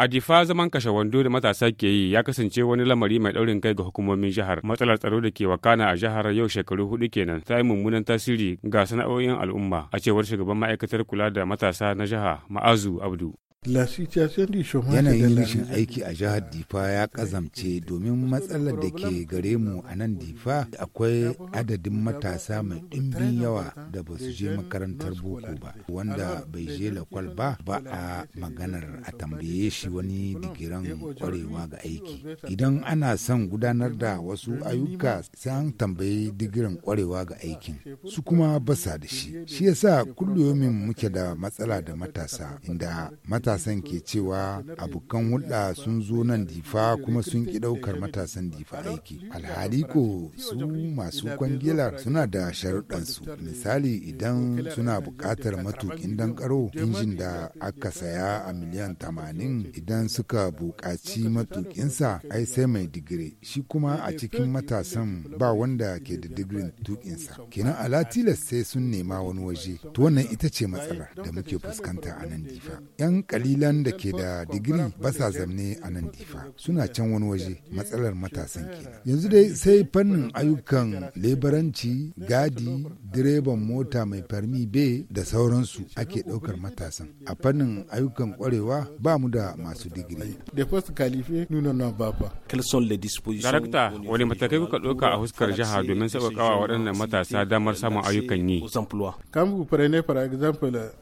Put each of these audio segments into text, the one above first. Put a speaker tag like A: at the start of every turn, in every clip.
A: A difa zaman kashe wando da matasa ke yi ya kasance wani lamari mai ɗaurin kai ga hukumomin jihar. Matsalar tsaro da ke wakana a jihar yau shekaru hudu kenan ta yi mummunan tasiri ga sana'o'in al'umma a cewar shugaban ma'aikatar kula da matasa na jiha Ma'azu Abdu.
B: Yanayin rashin aiki a jihar Difa ya kazamce domin matsalar da ke gare mu a nan Difa akwai adadin matasa mai ɗimbin yawa da ba su je makarantar boko ba wanda bai je lakwal ba ba a maganar a tambaye shi wani digiran kwarewa ga aiki. Idan ana son gudanar da wasu ayyuka san tambaye tambayi digiran kwarewa ga aikin su kuma basa da shi. Shi yasa kullumin muke da matsala da matasa inda matasa matasan ke cewa abokan hulɗa sun zo nan difa kuma sun ki ɗaukar matasan difa aiki. Alhali ko su masu kwangilar suna da sharuɗansu. Misali idan suna buƙatar matukin dankaro injin da aka saya a miliyan tamanin idan suka buƙaci matukinsa ai sai mai digiri shi kuma a cikin matasan ba wanda ke da digirin tukinsa kenan alatilas sai sun nema wani waje to wannan ita ce matsala da muke fuskanta a nan difa kalilan da ke da digiri ba sa zamne a nan difa suna can wani waje matsalar matasan ke yanzu dai sai fannin ayyukan lebaranci gadi direban mota mai farmi be
A: da sauransu ake ɗaukar
B: matasan a fannin ayyukan kwarewa ba mu da masu digiri
A: darakta wani matakai kuka ɗauka a huskar jiha domin sauƙaƙawa waɗannan matasa damar samun ayyukan yi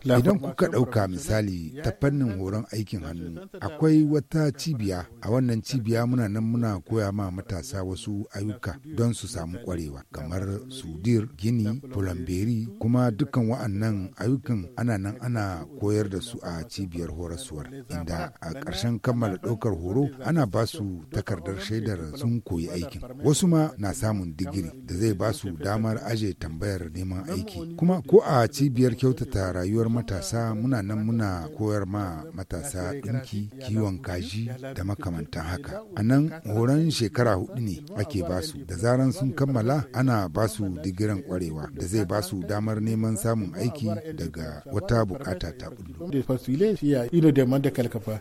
B: idan kuka ɗauka misali ta fannin yin horon aikin hannu akwai wata cibiya a wannan cibiya muna nan muna koya ma matasa wasu ayyuka don su samu kwarewa kamar sudir gini fulamberi kuma dukkan wa'annan ayyukan ana nan ana koyar da su a cibiyar horaswar inda a ƙarshen kammala ɗaukar horo ana ba su takardar shaidar sun koyi aikin wasu ma na samun digiri da zai ba su damar aje tambayar neman aiki kuma ko a cibiyar kyautata rayuwar matasa muna nan muna koyar ma matasa ɗinki kiwon kaji da makamantan haka a nan horon shekara hudu ne ake basu da zaran sun kammala ana basu digiran kwarewa da zai basu damar neman samun aiki daga wata bukata ta